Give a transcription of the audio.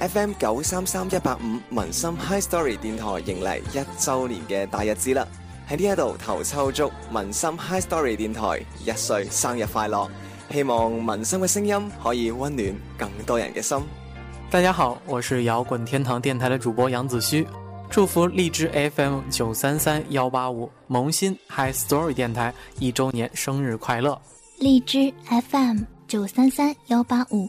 F.M. 九三三一八五萌心 Hi-story 電台迎嚟一周年嘅大日子啦！喺呢一度頭抽祝萌心 Hi-story 電台一歲生日快樂！希望萌心嘅聲音可以溫暖更多人嘅心。大家好，我是搖滾天堂電台嘅主播楊子胥，祝福荔枝 F.M. 九三三幺八五萌心 Hi-story 電台一周年生日快樂！荔枝 F.M. 九三三幺八五。